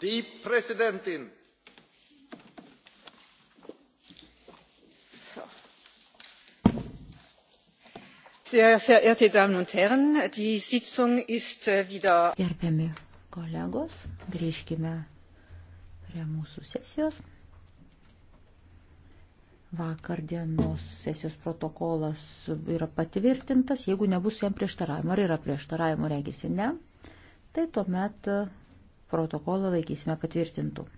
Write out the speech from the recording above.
die präsidentin! sehr verehrte damen und herren! die sitzung ist äh, wieder. gerbiami kolegos grįžkime prie mūsų sesijos. vakar dienos sesijos protokolas yra patvirtintas jeigu nebus jam prieštaravimų. ar yra prieštaravimų regisi ne? tai tuomet protokolą laikysime patvirtintų.